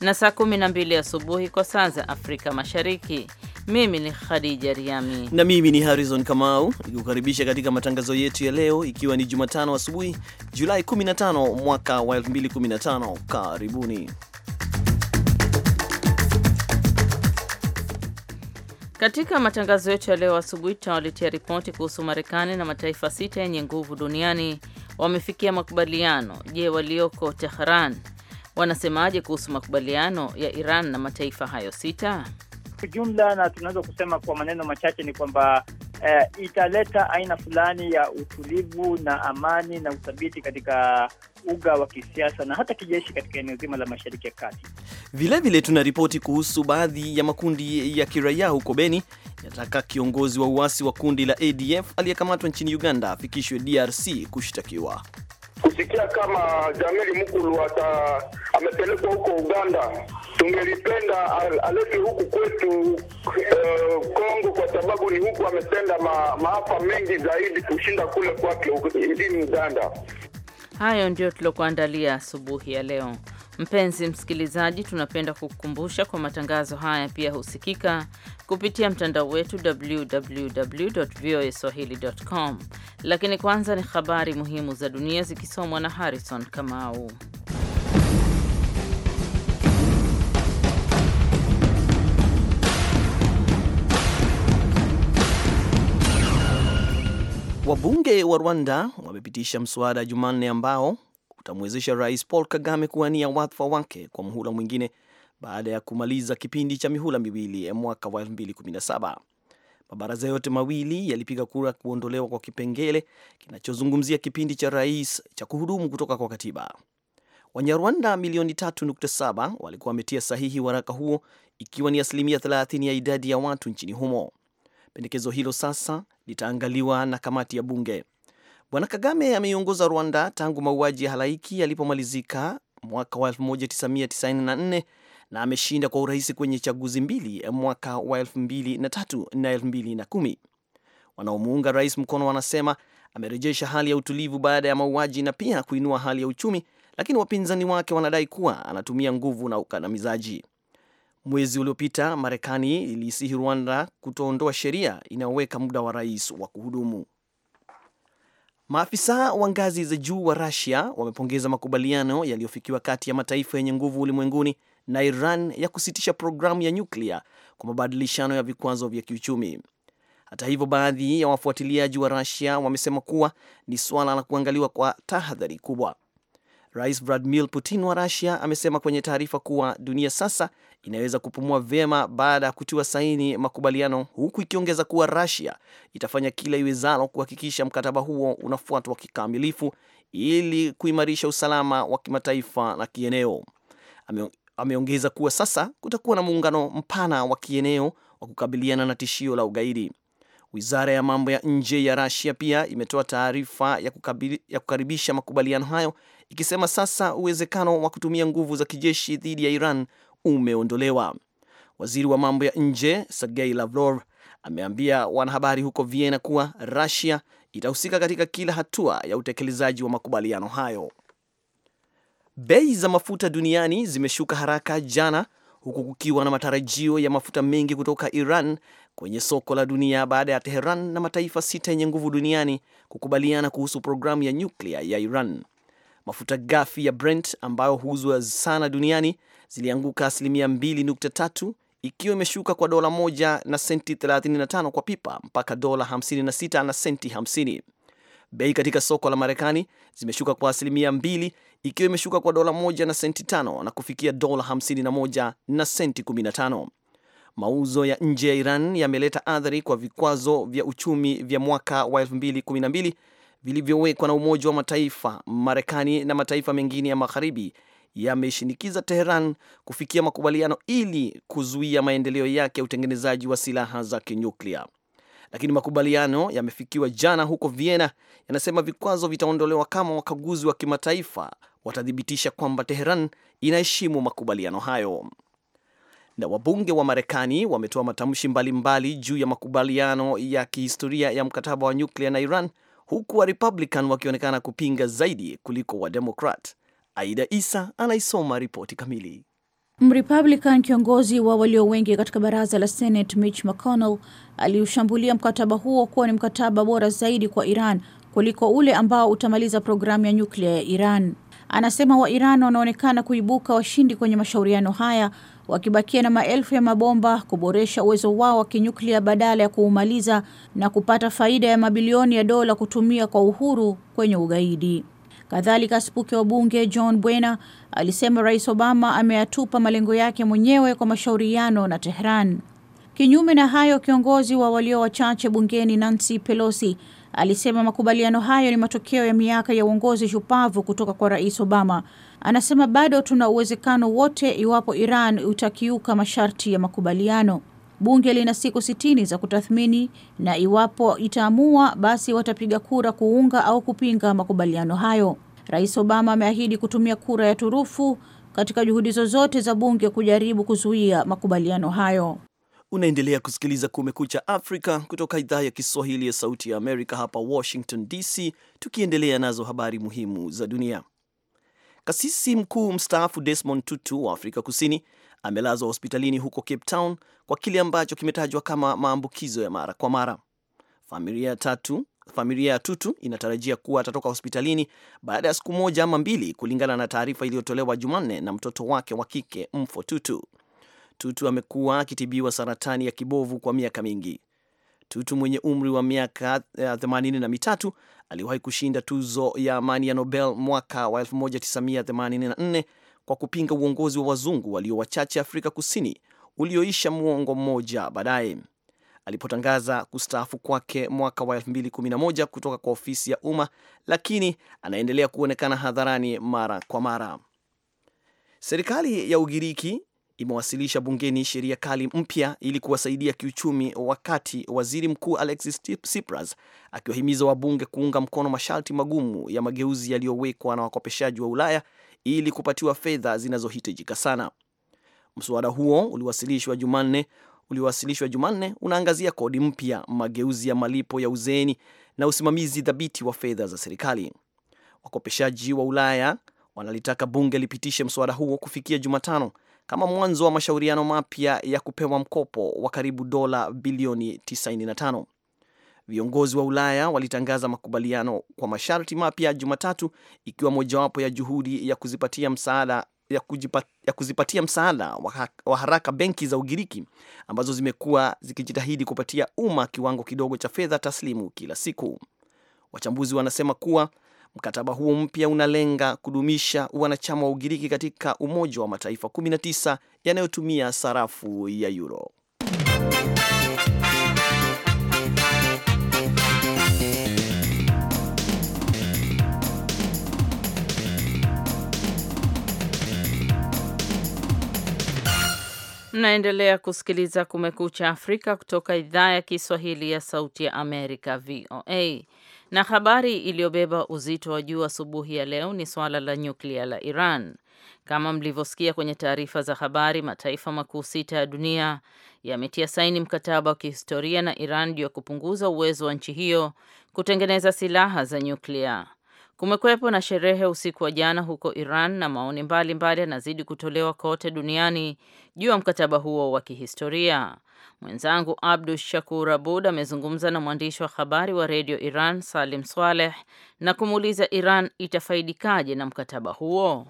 na saa 12 asubuhi kwa saa za Afrika Mashariki. Mimi ni Khadija Riami na mimi ni Harrison Kamau nikukaribisha katika matangazo yetu ya leo, ikiwa ni Jumatano asubuhi Julai 15 mwaka wa 2015. Karibuni katika matangazo yetu ya leo asubuhi. Tutawaletea ripoti kuhusu Marekani na mataifa sita yenye nguvu duniani wamefikia makubaliano. Je, walioko Tehran wanasemaje kuhusu makubaliano ya Iran na mataifa hayo sita? ujumla na tunaweza kusema kwa maneno machache ni kwamba eh, italeta aina fulani ya utulivu na amani na uthabiti katika uga wa kisiasa na hata kijeshi katika eneo zima la Mashariki ya Kati. Vilevile tuna ripoti kuhusu baadhi ya makundi ya kiraia huko Beni yataka kiongozi wa uasi wa kundi la ADF aliyekamatwa nchini Uganda afikishwe DRC kushtakiwa kusikia kama Jamili Mukulu ata amepelekwa huko Uganda. Tungelipenda alete huku kwetu uh, Kongo, kwa sababu ni huku ametenda ma, maafa mengi zaidi kushinda kule kwake nchini Uganda. Hayo ndio tuliokuandalia asubuhi ya leo. Mpenzi msikilizaji, tunapenda kukukumbusha kwa matangazo haya pia husikika kupitia mtandao wetu www voa swahili.com. Lakini kwanza ni habari muhimu za dunia zikisomwa na Harrison Kamau. Wabunge wa Rwanda wamepitisha mswada Jumanne ambao utamwezesha Rais Paul Kagame kuwania wadhifa wake kwa muhula mwingine baada ya kumaliza kipindi cha mihula miwili mwaka wa 2017. Mabaraza yote mawili yalipiga kura kuondolewa kwa kipengele kinachozungumzia kipindi cha rais cha kuhudumu kutoka kwa katiba. Wanyarwanda milioni 3.7 walikuwa wametia sahihi waraka huo, ikiwa ni asilimia 30 ya idadi ya watu nchini humo. Pendekezo hilo sasa litaangaliwa na kamati ya bunge. Bwana Kagame ameiongoza Rwanda tangu mauaji ya halaiki yalipomalizika mwaka wa 1994 na ameshinda kwa urahisi kwenye chaguzi mbili eh, mwaka wa 2003 na 2010. Wanaomuunga rais mkono wanasema amerejesha hali ya utulivu baada ya mauaji na pia kuinua hali ya uchumi, lakini wapinzani wake wanadai kuwa anatumia nguvu na ukandamizaji. Mwezi uliopita Marekani iliisihi Rwanda kutoondoa sheria inayoweka muda wa rais wa kuhudumu. Maafisa wa ngazi za juu wa Russia wamepongeza makubaliano yaliyofikiwa kati ya mataifa yenye nguvu ulimwenguni na Iran ya kusitisha programu ya nyuklia kwa mabadilishano ya vikwazo vya kiuchumi. Hata hivyo, baadhi ya wafuatiliaji wa rasia wamesema kuwa ni swala la kuangaliwa kwa tahadhari kubwa. Rais Vladimir Putin wa rasia amesema kwenye taarifa kuwa dunia sasa inaweza kupumua vyema baada ya kutiwa saini makubaliano, huku ikiongeza kuwa rasia itafanya kila iwezalo kuhakikisha mkataba huo unafuatwa kikamilifu ili kuimarisha usalama wa kimataifa na kieneo. Ameongeza kuwa sasa kutakuwa na muungano mpana wa kieneo wa kukabiliana na tishio la ugaidi. Wizara ya mambo ya nje ya Rasia pia imetoa taarifa ya, ya kukaribisha makubaliano hayo ikisema sasa uwezekano wa kutumia nguvu za kijeshi dhidi ya Iran umeondolewa. Waziri wa mambo ya nje Sergei Lavrov ameambia wanahabari huko Vienna kuwa Rasia itahusika katika kila hatua ya utekelezaji wa makubaliano hayo. Bei za mafuta duniani zimeshuka haraka jana, huku kukiwa na matarajio ya mafuta mengi kutoka Iran kwenye soko la dunia baada ya Teheran na mataifa sita yenye nguvu duniani kukubaliana kuhusu programu ya nyuklia ya Iran. Mafuta ghafi ya Brent ambayo huuzwa sana duniani zilianguka asilimia 2.3 ikiwa imeshuka kwa dola moja na senti 35 kwa pipa mpaka dola 56 na senti 50. Bei katika soko la Marekani zimeshuka kwa asilimia mbili ikiwa imeshuka kwa dola moja na senti tano na kufikia dola hamsini na moja na senti kumi na tano. Mauzo ya nje ya Iran yameleta athari kwa vikwazo vya uchumi vya mwaka wa mbili vilivyowekwa na Umoja wa Mataifa. Marekani na mataifa mengine ya magharibi yameshinikiza Teheran kufikia makubaliano ili kuzuia maendeleo yake ya utengenezaji wa silaha za kinyuklia lakini makubaliano yamefikiwa jana huko Vienna yanasema vikwazo vitaondolewa kama wakaguzi wa kimataifa watathibitisha kwamba Teheran inaheshimu makubaliano hayo. Na wabunge wa Marekani wametoa matamshi mbalimbali juu ya makubaliano ya kihistoria ya mkataba wa nyuklia na Iran, huku wa Republican wakionekana kupinga zaidi kuliko wa Democrat. Aida Isa anaisoma ripoti kamili. Mrepublican kiongozi wa walio wengi katika baraza la Senate Mitch McConnell aliushambulia mkataba huo kuwa ni mkataba bora zaidi kwa Iran kuliko ule ambao utamaliza programu ya nyuklia ya Iran. Anasema wa Iran wanaonekana kuibuka washindi kwenye mashauriano haya wakibakia na maelfu ya mabomba kuboresha uwezo wao wa kinyuklia badala ya kuumaliza na kupata faida ya mabilioni ya dola kutumia kwa uhuru kwenye ugaidi. Kadhalika, spuke wa bunge John Bwena alisema Rais Obama ameyatupa malengo yake mwenyewe kwa mashauriano na Tehran. Kinyume na hayo, kiongozi wa walio wachache bungeni Nancy Pelosi alisema makubaliano hayo ni matokeo ya miaka ya uongozi shupavu kutoka kwa Rais Obama. Anasema bado tuna uwezekano wote iwapo Iran utakiuka masharti ya makubaliano. Bunge lina siku sitini za kutathmini na iwapo itaamua basi watapiga kura kuunga au kupinga makubaliano hayo. Rais Obama ameahidi kutumia kura ya turufu katika juhudi zozote za bunge kujaribu kuzuia makubaliano hayo. Unaendelea kusikiliza Kumekucha Afrika kutoka idhaa ya Kiswahili ya Sauti ya Amerika, hapa Washington DC, tukiendelea nazo habari muhimu za dunia. Kasisi mkuu mstaafu Desmond Tutu wa Afrika Kusini amelazwa hospitalini huko Cape Town kwa kile ambacho kimetajwa kama maambukizo ya mara kwa mara. Familia ya tatu Familia ya Tutu inatarajia kuwa atatoka hospitalini baada ya siku moja ama mbili, kulingana na taarifa iliyotolewa Jumanne na mtoto wake wa kike Mfo Tutu. Tutu amekuwa akitibiwa saratani ya kibovu kwa miaka mingi. Tutu mwenye umri wa miaka 83 eh, aliwahi kushinda tuzo ya amani ya Nobel mwaka wa 1984 kwa kupinga uongozi wa wazungu walio wachache Afrika Kusini ulioisha muongo mmoja baadaye alipotangaza kustaafu kwake mwaka wa 2011 kutoka kwa ofisi ya umma, lakini anaendelea kuonekana hadharani mara kwa mara. Serikali ya Ugiriki imewasilisha bungeni sheria kali mpya ili kuwasaidia kiuchumi, wakati waziri mkuu Alexis Tsipras akiwahimiza wabunge kuunga mkono masharti magumu ya mageuzi yaliyowekwa na wakopeshaji wa Ulaya ili kupatiwa fedha zinazohitajika sana. Mswada huo uliwasilishwa Jumanne uliowasilishwa Jumanne unaangazia kodi mpya, mageuzi ya malipo ya uzeeni na usimamizi dhabiti wa fedha za serikali. Wakopeshaji wa Ulaya wanalitaka bunge lipitishe mswada huo kufikia Jumatano kama mwanzo wa mashauriano mapya ya kupewa mkopo wa karibu dola bilioni 95. Viongozi wa Ulaya walitangaza makubaliano kwa masharti mapya Jumatatu, ikiwa mojawapo ya juhudi ya kuzipatia msaada ya, kujipat, ya kuzipatia msaada wa haraka benki za Ugiriki ambazo zimekuwa zikijitahidi kupatia umma kiwango kidogo cha fedha taslimu kila siku. Wachambuzi wanasema kuwa mkataba huo mpya unalenga kudumisha wanachama wa Ugiriki katika Umoja wa Mataifa 19 yanayotumia sarafu ya euro. Mnaendelea kusikiliza Kumekucha Afrika kutoka idhaa ya Kiswahili ya Sauti ya Amerika, VOA. Na habari iliyobeba uzito wa juu asubuhi ya leo ni suala la nyuklia la Iran. Kama mlivyosikia kwenye taarifa za habari, mataifa makuu sita ya dunia yametia saini mkataba wa kihistoria na Iran juu ya kupunguza uwezo wa nchi hiyo kutengeneza silaha za nyuklia. Kumekuwepo na sherehe usiku wa jana huko Iran na maoni mbalimbali yanazidi mbali kutolewa kote duniani juu ya mkataba huo wa kihistoria. Mwenzangu Abdu Shakur Abud amezungumza na mwandishi wa habari wa redio Iran Salim Swaleh na kumuuliza Iran itafaidikaje na mkataba huo.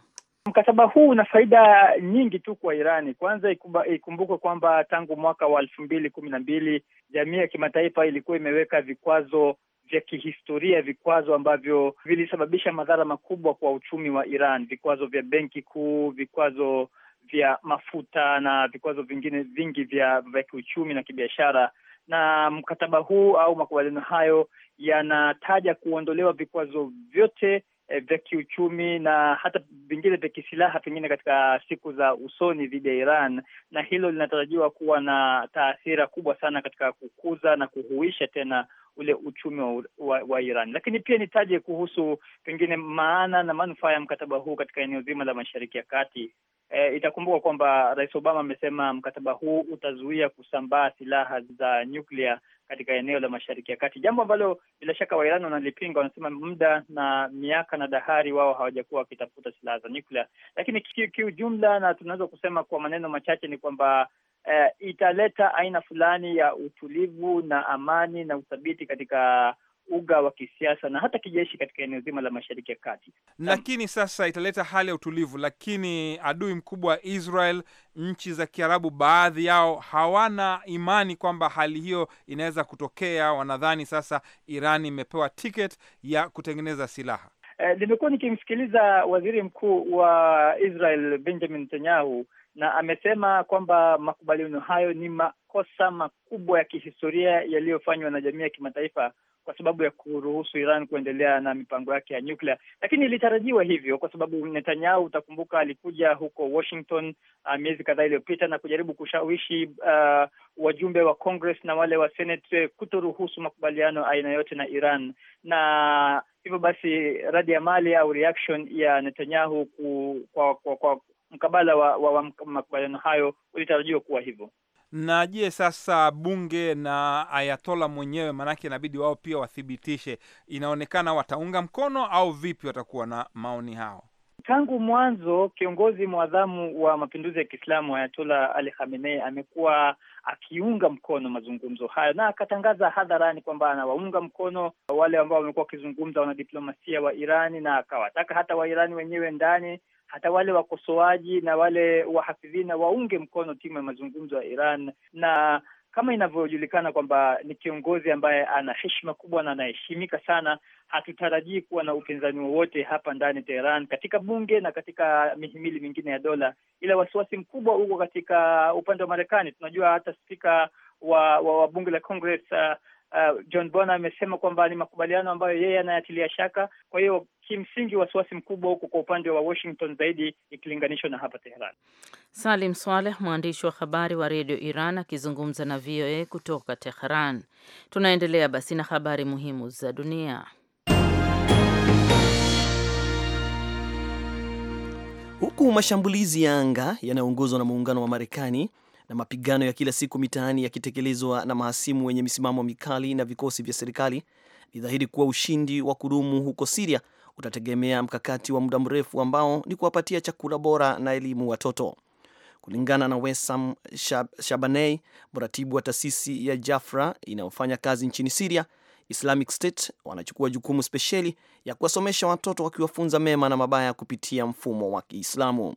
Mkataba huu una faida nyingi tu kwa Irani. Kwanza ikumbukwe kwamba tangu mwaka wa elfu mbili kumi na mbili jamii ya kimataifa ilikuwa imeweka vikwazo vya kihistoria, vikwazo ambavyo vilisababisha madhara makubwa kwa uchumi wa Iran, vikwazo vya benki kuu, vikwazo vya mafuta na vikwazo vingine vingi vya, vya kiuchumi na kibiashara. Na mkataba huu au makubaliano hayo yanataja kuondolewa vikwazo vyote e, vya kiuchumi na hata vingine vya kisilaha pengine katika siku za usoni dhidi ya Iran, na hilo linatarajiwa kuwa na taathira kubwa sana katika kukuza na kuhuisha tena ule uchumi wa, wa, wa Iran. Lakini pia nitaje kuhusu pengine maana na manufaa ya mkataba huu katika eneo zima la Mashariki ya Kati. E, itakumbuka kwamba Rais Obama amesema mkataba huu utazuia kusambaa silaha za nyuklia katika eneo la Mashariki ya Kati, jambo ambalo bila shaka wairan wanalipinga. Wanasema muda na miaka na dahari wao hawajakuwa wakitafuta silaha za nyuklia, lakini kiujumla, na tunaweza kusema kwa maneno machache ni kwamba eh, italeta aina fulani ya utulivu na amani na uthabiti katika uga wa kisiasa na hata kijeshi katika eneo zima la Mashariki ya Kati. Lakini sasa italeta hali ya utulivu, lakini adui mkubwa wa Israel, nchi za Kiarabu, baadhi yao hawana imani kwamba hali hiyo inaweza kutokea. Wanadhani sasa iran imepewa ticket ya kutengeneza silaha. Eh, nimekuwa nikimsikiliza waziri mkuu wa Israel Benjamin Netanyahu na amesema kwamba makubaliano hayo ni makosa makubwa ya kihistoria yaliyofanywa na jamii ya kimataifa kwa sababu ya kuruhusu Iran kuendelea na mipango yake ya nyuklia. Lakini ilitarajiwa hivyo kwa sababu Netanyahu, utakumbuka, alikuja huko Washington uh, miezi kadhaa iliyopita na kujaribu kushawishi uh, wajumbe wa Congress na wale wa Senate uh, kutoruhusu makubaliano aina yote na Iran na hivyo basi radi ya mali au reaction ya Netanyahu ku, kwa, kwa, kwa mkabala wa, wa, wa makubaliano hayo ulitarajiwa kuwa hivyo. Na je, sasa bunge na Ayatola mwenyewe, maanake inabidi wao pia wathibitishe, inaonekana wataunga mkono au vipi? Watakuwa na maoni hao? Tangu mwanzo kiongozi mwadhamu wa mapinduzi ya Kiislamu Ayatola Ali Khamenei amekuwa akiunga mkono mazungumzo hayo na akatangaza hadharani kwamba anawaunga mkono wale ambao wamekuwa wakizungumza wanadiplomasia wa Irani, na akawataka hata Wairani wenyewe ndani hata wale wakosoaji na wale wahafidhina waunge mkono timu ya mazungumzo ya Iran na kama inavyojulikana kwamba ni kiongozi ambaye ana heshima kubwa na anaheshimika sana. Hatutarajii kuwa na upinzani wowote hapa ndani Teheran, katika bunge na katika mihimili mingine ya dola, ila wasiwasi mkubwa huko katika upande wa Marekani. Tunajua hata spika wa, wa, wa bunge la Congress uh, uh, John bona amesema kwamba ni makubaliano ambayo yeye anayatilia shaka. Kwa hiyo kimsingi wasiwasi mkubwa huko kwa upande wa Washington zaidi ikilinganishwa na hapa Teheran. Salim Swaleh, mwandishi wa habari wa redio Iran akizungumza na VOA kutoka Teheran. Tunaendelea basi na habari muhimu za dunia. Huku mashambulizi ya anga yanayoongozwa na muungano wa Marekani na mapigano ya kila siku mitaani yakitekelezwa na mahasimu wenye misimamo mikali na vikosi vya serikali, ni dhahiri kuwa ushindi wa kudumu huko Siria utategemea mkakati wa muda mrefu ambao ni kuwapatia chakula bora na elimu watoto. Kulingana na Wesam shabanei mratibu wa taasisi ya Jafra inayofanya kazi nchini Siria, Islamic State wanachukua jukumu spesheli ya kuwasomesha watoto wakiwafunza mema na mabaya kupitia mfumo wa Kiislamu.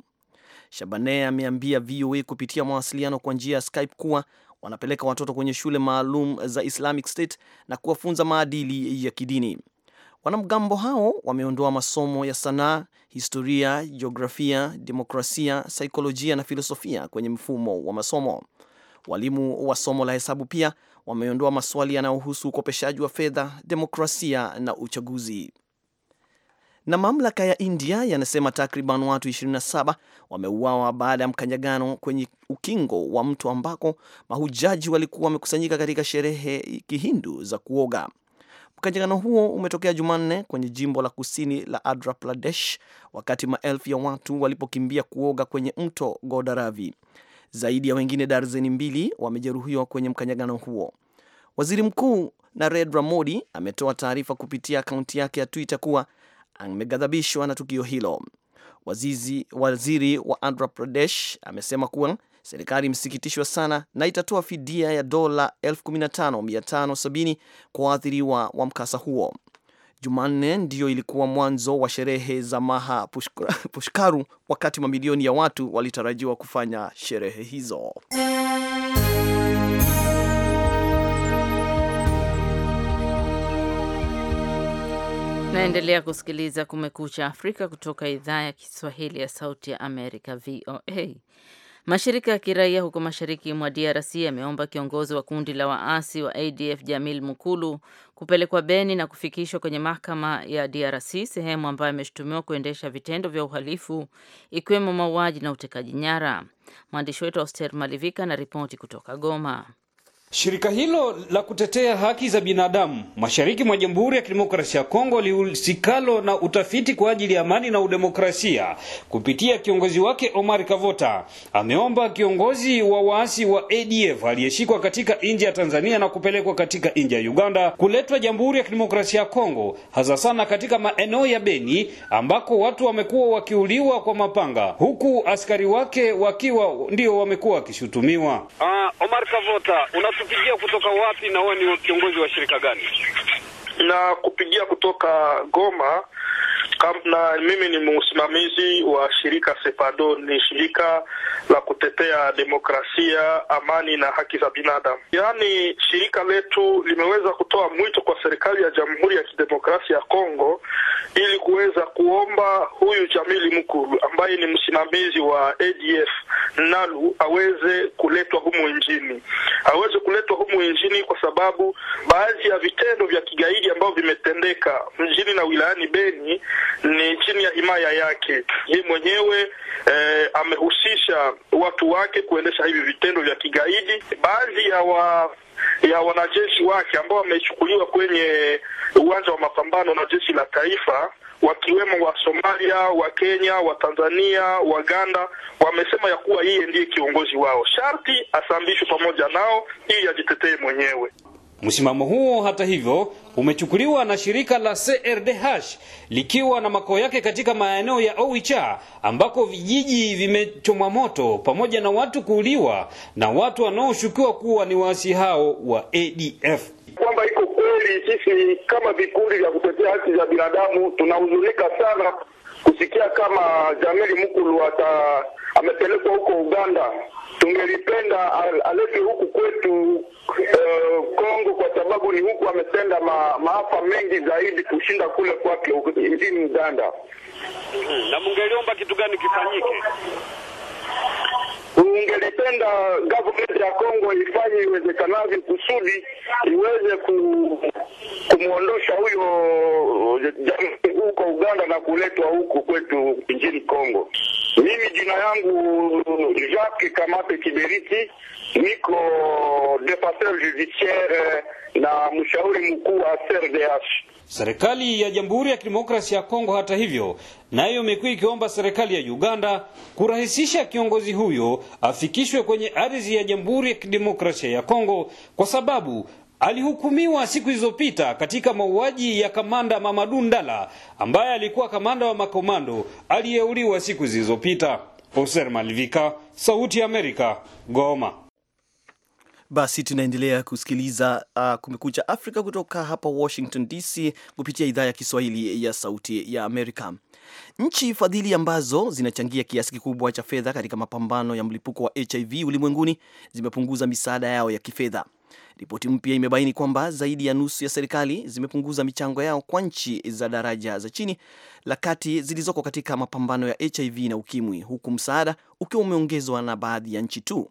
shabanei ameambia VOA kupitia mawasiliano kwa njia ya Skype kuwa wanapeleka watoto kwenye shule maalum za Islamic State na kuwafunza maadili ya kidini. Wanamgambo hao wameondoa masomo ya sanaa, historia, jiografia, demokrasia, saikolojia na filosofia kwenye mfumo wa masomo. Walimu wa somo la hesabu pia wameondoa maswali yanayohusu ukopeshaji wa fedha, demokrasia na uchaguzi. Na mamlaka ya India yanasema takriban watu 27 wameuawa baada ya mkanyagano kwenye ukingo wa mto ambako mahujaji walikuwa wamekusanyika katika sherehe kihindu za kuoga. Mkanyagano huo umetokea Jumanne kwenye jimbo la kusini la Andhra Pradesh wakati maelfu ya watu walipokimbia kuoga kwenye mto godaravi Zaidi ya wengine darzeni mbili wamejeruhiwa kwenye mkanyagano huo. Waziri Mkuu Narendra Modi ametoa taarifa kupitia akaunti yake ya Twitter kuwa ameghadhabishwa na tukio hilo. Wazizi, waziri wa Andhra Pradesh amesema kuwa Serikali imesikitishwa sana na itatoa fidia ya dola 15570 kwa waathiriwa wa mkasa huo. Jumanne ndiyo ilikuwa mwanzo wa sherehe za Maha Pushkaru, wakati mamilioni ya watu walitarajiwa kufanya sherehe hizo. Naendelea kusikiliza Kumekucha Afrika kutoka idhaa ya Kiswahili ya Sauti ya Amerika, VOA. Mashirika ya kiraia huko mashariki mwa DRC yameomba kiongozi wa kundi la waasi wa ADF Jamil Mukulu kupelekwa Beni na kufikishwa kwenye mahakama ya DRC, sehemu ambayo ameshutumiwa kuendesha vitendo vya uhalifu ikiwemo mauaji na utekaji nyara. Mwandishi wetu Auster Malivika na ripoti kutoka Goma. Shirika hilo la kutetea haki za binadamu mashariki mwa Jamhuri ya Kidemokrasia ya Kongo lihusikalo na utafiti kwa ajili ya amani na udemokrasia kupitia kiongozi wake Omar Kavota ameomba kiongozi wa waasi wa ADF aliyeshikwa katika nje ya Tanzania na kupelekwa katika nje ya Uganda kuletwa Jamhuri ya Kidemokrasia ya Kongo, hasa sana katika maeneo ya Beni ambako watu wamekuwa wakiuliwa kwa mapanga huku askari wake wakiwa ndio wamekuwa wakishutumiwa. Uh, Omar Kavota una kupigia kutoka wapi na wewe ni kiongozi wa shirika gani? Na kupigia kutoka Goma na mimi ni msimamizi wa shirika Sepado, ni shirika la kutetea demokrasia, amani na haki za binadamu. Yaani, shirika letu limeweza kutoa mwito kwa serikali ya Jamhuri ya Kidemokrasia ya Kongo ili kuweza kuomba huyu Jamili Mkulu ambaye ni msimamizi wa ADF Nalu aweze kuletwa humu nchini, aweze kuletwa humu nchini kwa sababu baadhi ya vitendo vya kigaidi ambavyo vimetendeka mjini na wilayani Beni ni chini ya himaya yake yeye mwenyewe. Eh, amehusisha watu wake kuendesha hivi vitendo vya kigaidi. Baadhi ya wa ya wanajeshi wake ambao wamechukuliwa kwenye uwanja wa mapambano na jeshi la taifa wakiwemo wa Somalia, wa Kenya, wa Tanzania, Waganda wamesema ya kuwa yeye ndiye kiongozi wao, sharti asambishwe pamoja nao ili ajitetee mwenyewe. Msimamo huo hata hivyo umechukuliwa na shirika la CRDH likiwa na makao yake katika maeneo ya Owicha ambako vijiji vimechomwa moto pamoja na watu kuuliwa na watu wanaoshukiwa kuwa ni waasi hao wa ADF. Kwamba iko kweli, sisi kama vikundi vya kutetea haki za binadamu tunahuzunika sana kusikia kama Jamili Mukulu ata amepelekwa huko Uganda. Tungelipenda alete huku kwetu uh, Kongo, kwa sababu ni huku ametenda ma, maafa mengi zaidi kushinda kule kwake nchini Uganda. Hmm, na mungeliomba kitu gani kifanyike? ningelipenda government ya Kongo ifanye iwezekanavyo kusudi iweze kumwondosha huyo huko Uganda na kuletwa huku kwetu nchini Kongo. Mimi jina yangu Jacques Kamate Kiberiti, niko defenseur judiciaire eh, na mshauri mkuu wa CRDH. Serikali ya Jamhuri ya Kidemokrasia ya Kongo, hata hivyo, nayo imekuwa ikiomba serikali ya Uganda kurahisisha kiongozi huyo afikishwe kwenye ardhi ya Jamhuri ya Kidemokrasia ya Kongo kwa sababu alihukumiwa siku zilizopita katika mauaji ya kamanda Mamadou Ndala ambaye alikuwa kamanda wa makomando aliyeuliwa siku zilizopita. Oser Malivika, Sauti ya Amerika, Goma. Basi tunaendelea kusikiliza uh, Kumekucha Afrika kutoka hapa Washington DC kupitia idhaa ya Kiswahili ya Sauti ya Amerika. Nchi fadhili ambazo zinachangia kiasi kikubwa cha fedha katika mapambano ya mlipuko wa HIV ulimwenguni zimepunguza misaada yao ya kifedha. Ripoti mpya imebaini kwamba zaidi ya nusu ya serikali zimepunguza michango yao kwa nchi za daraja za chini la kati zilizoko katika mapambano ya HIV na ukimwi, huku msaada ukiwa umeongezwa na baadhi ya nchi tu.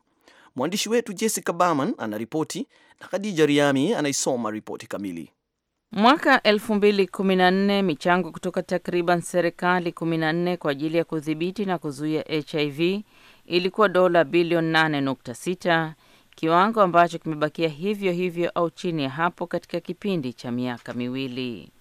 Mwandishi wetu Jessica Berman anaripoti na Khadija Riami anaisoma ripoti kamili. Mwaka 2014 michango kutoka takriban serikali 14 kwa ajili ya kudhibiti na kuzuia HIV ilikuwa dola bilioni 8.6, kiwango ambacho kimebakia hivyo hivyo au chini ya hapo katika kipindi cha miaka miwili.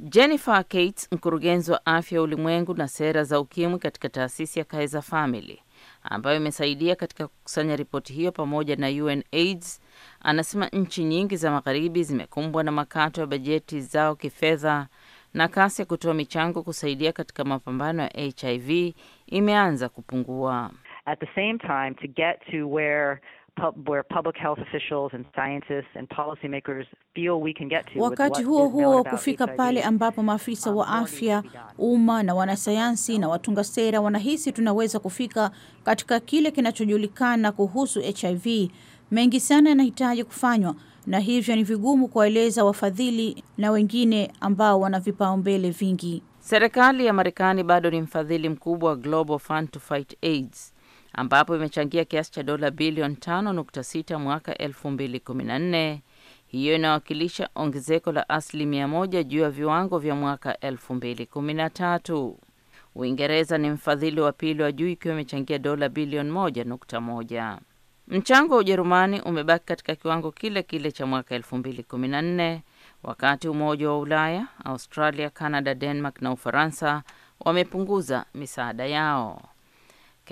Jennifer Cates, mkurugenzi wa afya ya ulimwengu na sera za ukimwi katika taasisi ya Kaiser Family, ambayo imesaidia katika kukusanya ripoti hiyo pamoja na UNAIDS, anasema nchi nyingi za magharibi zimekumbwa na makato ya bajeti zao kifedha na kasi ya kutoa michango kusaidia katika mapambano ya HIV imeanza kupungua. At the same time, to get to where where public health officials and scientists and policymakers feel we can get to. Wakati huo huo kufika pale ambapo um, maafisa wa afya umma na wanasayansi na watunga sera wanahisi tunaweza kufika katika kile kinachojulikana kuhusu HIV. Mengi sana yanahitaji kufanywa na hivyo ni vigumu kuwaeleza wafadhili na wengine ambao wana vipaumbele vingi. Serikali ya Marekani bado ni mfadhili mkubwa wa Global Fund to Fight AIDS ambapo imechangia kiasi cha dola bilioni 5.6 mwaka 2014. Hiyo inawakilisha ongezeko la asilimia moja juu ya viwango vya mwaka 2013. Uingereza ni mfadhili wa pili wa juu ikiwa imechangia dola bilioni 1.1. Mchango wa Ujerumani umebaki katika kiwango kile kile cha mwaka 2014, wakati Umoja wa Ulaya, Australia, Canada, Denmark na Ufaransa wamepunguza misaada yao.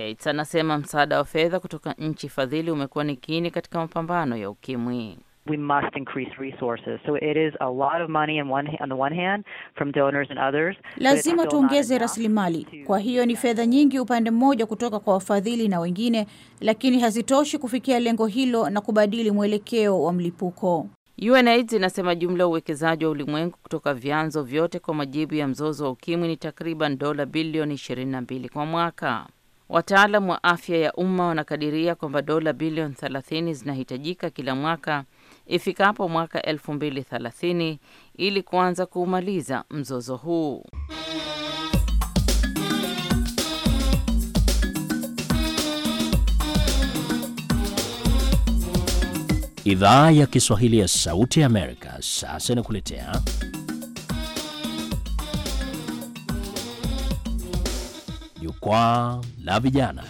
Gates anasema msaada wa fedha kutoka nchi fadhili umekuwa ni kiini katika mapambano ya ukimwi. We must increase resources. So it is a lot of money in one, on the one hand from donors and others. Lazima tuongeze rasilimali. Kwa hiyo ni fedha nyingi upande mmoja kutoka kwa wafadhili na wengine, lakini hazitoshi kufikia lengo hilo na kubadili mwelekeo wa mlipuko. UNAIDS inasema jumla ya uwekezaji wa ulimwengu kutoka vyanzo vyote kwa majibu ya mzozo wa ukimwi ni takriban dola bilioni 22 kwa mwaka. Wataalam wa afya ya umma wanakadiria kwamba dola bilioni 30 zinahitajika kila mwaka ifikapo mwaka 2030 ili kuanza kuumaliza mzozo huu. Idhaa ya Kiswahili ya Sauti ya Amerika sasa inakuletea Jukwaa la vijana.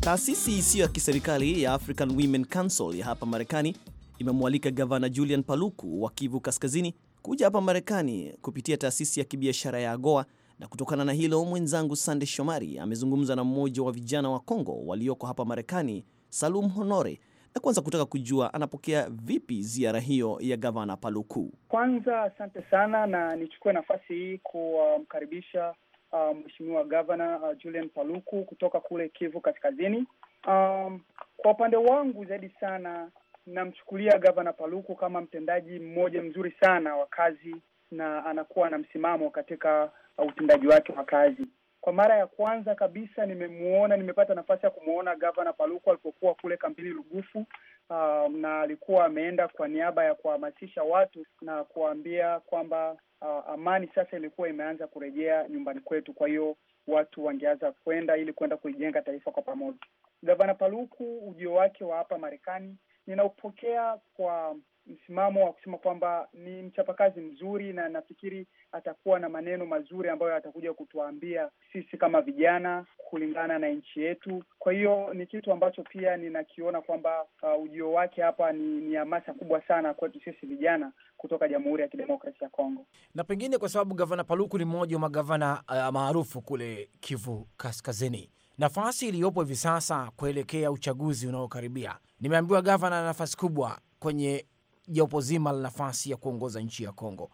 Taasisi isiyo ya kiserikali ya African Women Council ya hapa Marekani imemwalika gavana Julian Paluku wa Kivu Kaskazini kuja hapa Marekani kupitia taasisi ya kibiashara ya AGOA, na kutokana na hilo mwenzangu Sande Shomari amezungumza na mmoja wa vijana wa Kongo walioko hapa Marekani, Salum Honore, na kwanza kutaka kujua anapokea vipi ziara hiyo ya gavana Paluku. Kwanza asante sana, na nichukue nafasi hii kuwamkaribisha uh, mheshimiwa gavana uh, Julian Paluku kutoka kule Kivu Kaskazini. Um, kwa upande wangu zaidi sana namchukulia gavana Paluku kama mtendaji mmoja mzuri sana wa kazi na anakuwa na msimamo katika uh, utendaji wake wa kazi. Kwa mara ya kwanza kabisa nimemuona, nimepata nafasi ya kumwona gavana Paluku alipokuwa kule kambili Lugufu. Um, na alikuwa ameenda kwa niaba ya kuhamasisha watu na kuwaambia kwamba uh, amani sasa ilikuwa imeanza kurejea nyumbani kwetu. Kwa hiyo watu wangeanza kwenda ili kwenda kuijenga taifa kwa pamoja. Gavana Paluku, ujio wake wa hapa Marekani ninaupokea kwa msimamo wa kusema kwamba ni mchapakazi mzuri, na nafikiri atakuwa na maneno mazuri ambayo atakuja kutuambia sisi kama vijana kulingana na nchi yetu. Kwa hiyo ni kitu ambacho pia ninakiona kwamba uh, ujio wake hapa ni, ni hamasa kubwa sana kwetu sisi vijana kutoka Jamhuri ya Kidemokrasia ya Kongo, na pengine kwa sababu Gavana Paluku ni mmoja wa magavana uh, maarufu kule Kivu Kaskazini nafasi iliyopo hivi sasa kuelekea uchaguzi unaokaribia, nimeambiwa gavana ana nafasi kubwa kwenye jopo zima la nafasi ya kuongoza nchi ya Kongo.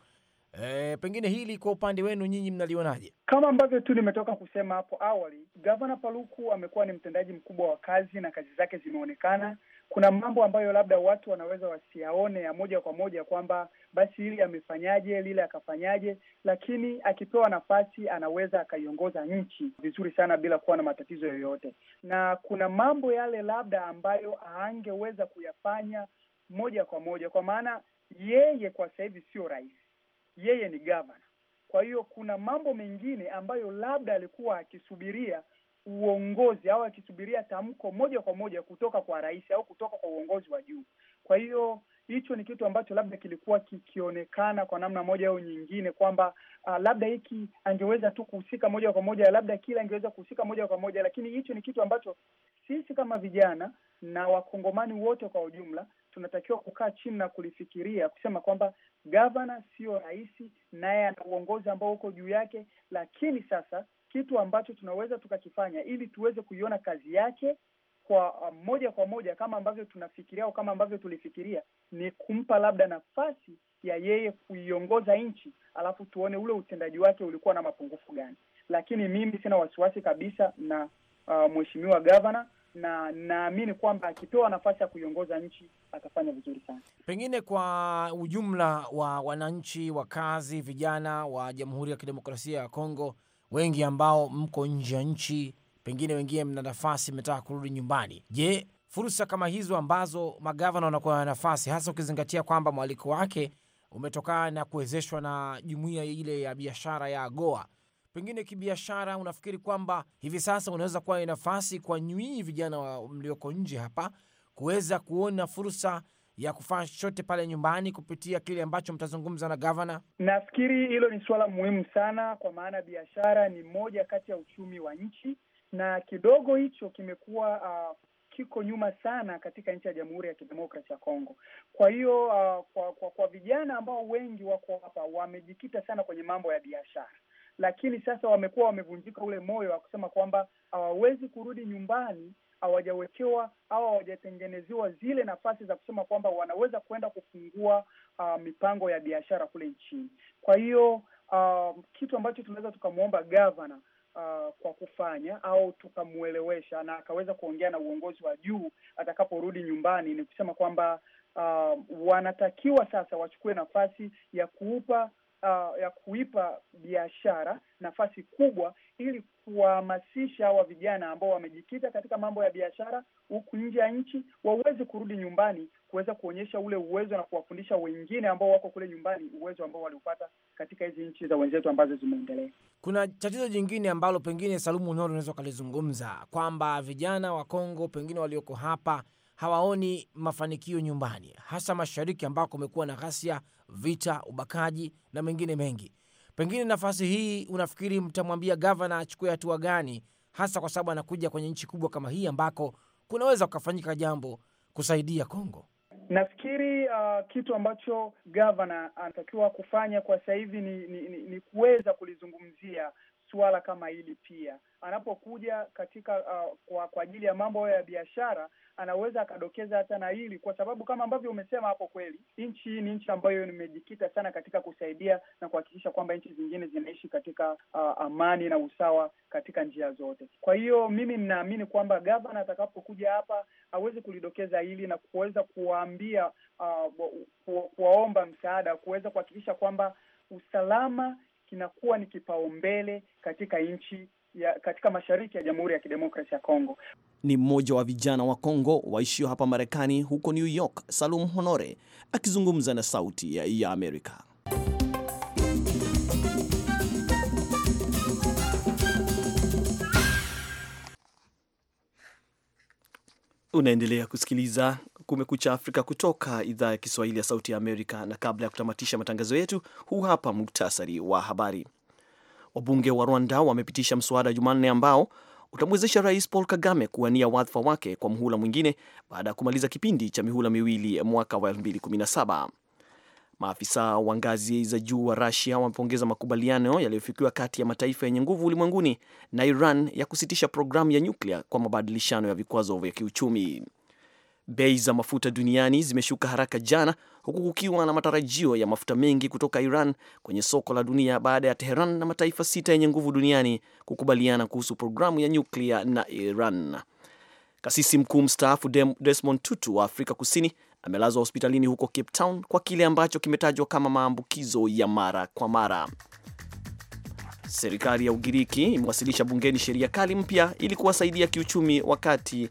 E, pengine hili kwa upande wenu nyinyi mnalionaje? Kama ambavyo tu nimetoka kusema hapo awali, Gavana Paluku amekuwa ni mtendaji mkubwa wa kazi na kazi zake zimeonekana. Kuna mambo ambayo labda watu wanaweza wasiyaone ya moja kwa moja kwamba basi hili amefanyaje, lile akafanyaje, lakini akipewa nafasi anaweza akaiongoza nchi vizuri sana bila kuwa na matatizo yoyote, na kuna mambo yale labda ambayo aangeweza kuyafanya moja kwa moja, kwa maana yeye kwa sasa hivi sio rais, yeye ni gavana. Kwa hiyo kuna mambo mengine ambayo labda alikuwa akisubiria uongozi au akisubiria tamko moja kwa moja kutoka kwa rais au kutoka kwa uongozi wa juu. Kwa hiyo hicho ni kitu ambacho labda kilikuwa kikionekana kwa namna moja au nyingine kwamba uh, labda hiki angeweza tu kuhusika moja kwa moja, labda kila angeweza kuhusika moja kwa moja, lakini hicho ni kitu ambacho sisi kama vijana na wakongomani wote kwa ujumla tunatakiwa kukaa chini na kulifikiria kusema kwamba gavana sio rais, naye ana uongozi ambao uko juu yake, lakini sasa kitu ambacho tunaweza tukakifanya ili tuweze kuiona kazi yake kwa uh, moja kwa moja kama ambavyo tunafikiria au kama ambavyo tulifikiria ni kumpa labda nafasi ya yeye kuiongoza nchi, alafu tuone ule utendaji wake ulikuwa na mapungufu gani. Lakini mimi sina wasiwasi kabisa na uh, mheshimiwa gavana na naamini kwamba akipewa nafasi ya kuiongoza nchi atafanya vizuri sana. Pengine kwa ujumla wa wananchi, wakazi, vijana wa Jamhuri ya Kidemokrasia ya Kongo, wengi ambao mko nje ya nchi, pengine wengine mna nafasi, mmetaka kurudi nyumbani, je, fursa kama hizo ambazo magavana wanakuwa na nafasi, hasa ukizingatia kwamba mwaliko wake umetokana na kuwezeshwa na jumuiya ile ya biashara ya AGOA pengine kibiashara, unafikiri kwamba hivi sasa unaweza kuwa ni nafasi kwa nyinyi vijana mlioko nje hapa kuweza kuona fursa ya kufanya chochote pale nyumbani kupitia kile ambacho mtazungumza na gavana? Nafikiri hilo ni suala muhimu sana, kwa maana biashara ni moja kati ya uchumi wa nchi, na kidogo hicho kimekuwa uh, kiko nyuma sana katika nchi ya Jamhuri ya Kidemokrasi ya Kongo. Kwa hiyo uh, kwa, kwa, kwa vijana ambao wengi wako hapa wamejikita sana kwenye mambo ya biashara lakini sasa wamekuwa wamevunjika ule moyo wa kusema kwamba hawawezi kurudi nyumbani, hawajawekewa au hawajatengeneziwa zile nafasi za kusema kwamba wanaweza kwenda kufungua uh, mipango ya biashara kule nchini. Kwa hiyo uh, kitu ambacho tunaweza tukamwomba gavana Uh, kwa kufanya au tukamwelewesha na akaweza kuongea na uongozi wa juu atakaporudi nyumbani, ni kusema kwamba uh, wanatakiwa sasa wachukue nafasi ya kuupa uh, ya kuipa biashara nafasi kubwa ili kuwahamasisha hawa vijana ambao wamejikita katika mambo ya biashara huku nje ya nchi waweze kurudi nyumbani kuweza kuonyesha ule uwezo na kuwafundisha wengine ambao wako kule nyumbani uwezo ambao waliupata katika hizi nchi za wenzetu ambazo zimeendelea. Kuna tatizo jingine ambalo pengine Salumu Unoro unaweza ukalizungumza kwamba vijana wa Kongo pengine walioko hapa hawaoni mafanikio nyumbani, hasa mashariki ambako kumekuwa na ghasia vita, ubakaji na mengine mengi. Pengine nafasi hii unafikiri mtamwambia gavana achukue hatua gani, hasa kwa sababu anakuja kwenye nchi kubwa kama hii ambako kunaweza kukafanyika jambo kusaidia Kongo? Nafikiri uh, kitu ambacho gavana anatakiwa kufanya kwa sasa hivi ni, ni, ni, ni kuweza kulizungumzia suala kama hili pia. Anapokuja katika uh, kwa, kwa ajili ya mambo ya biashara, anaweza akadokeza hata na hili, kwa sababu kama ambavyo umesema hapo, kweli nchi hii ni nchi ambayo nimejikita sana katika kusaidia na kuhakikisha kwamba nchi zingine zinaishi katika uh, amani na usawa katika njia zote. Kwa hiyo mimi ninaamini kwamba gavana atakapokuja hapa aweze kulidokeza hili na kuweza kuwaambia uh, kuwaomba msaada, kuweza kuhakikisha kwamba usalama kinakuwa ni kipaumbele katika nchi ya, katika mashariki ya Jamhuri ya kidemokrasi ya Kongo. Ni mmoja wa vijana wa Kongo waishio hapa Marekani huko New York, Salum Honore akizungumza na Sauti ya, ya Amerika. Unaendelea kusikiliza Kumekucha Afrika kutoka idhaa ya Kiswahili ya Sauti ya Amerika, na kabla ya kutamatisha matangazo yetu, huu hapa muktasari wa habari. Wabunge wa Rwanda wamepitisha mswada Jumanne ambao utamwezesha Rais Paul Kagame kuwania wadhifa wake kwa mhula mwingine baada ya kumaliza kipindi cha mihula miwili mwaka wa 2017. Maafisa wa ngazi za juu wa Rusia wamepongeza makubaliano yaliyofikiwa kati ya mataifa yenye nguvu ulimwenguni na Iran ya kusitisha programu ya nyuklia kwa mabadilishano ya vikwazo vya kiuchumi. Bei za mafuta duniani zimeshuka haraka jana, huku kukiwa na matarajio ya mafuta mengi kutoka Iran kwenye soko la dunia baada ya Teheran na mataifa sita yenye nguvu duniani kukubaliana kuhusu programu ya nyuklia na Iran. Kasisi mkuu mstaafu Desmond Tutu wa Afrika Kusini amelazwa hospitalini huko Cape Town kwa kile ambacho kimetajwa kama maambukizo ya mara kwa mara. Serikali ya Ugiriki imewasilisha bungeni sheria kali mpya ili kuwasaidia kiuchumi wakati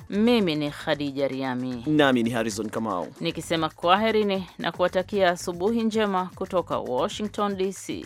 mimi ni Khadija Riami nami ni Harrison Kamau nikisema kwaherini na kuwatakia asubuhi njema kutoka Washington DC.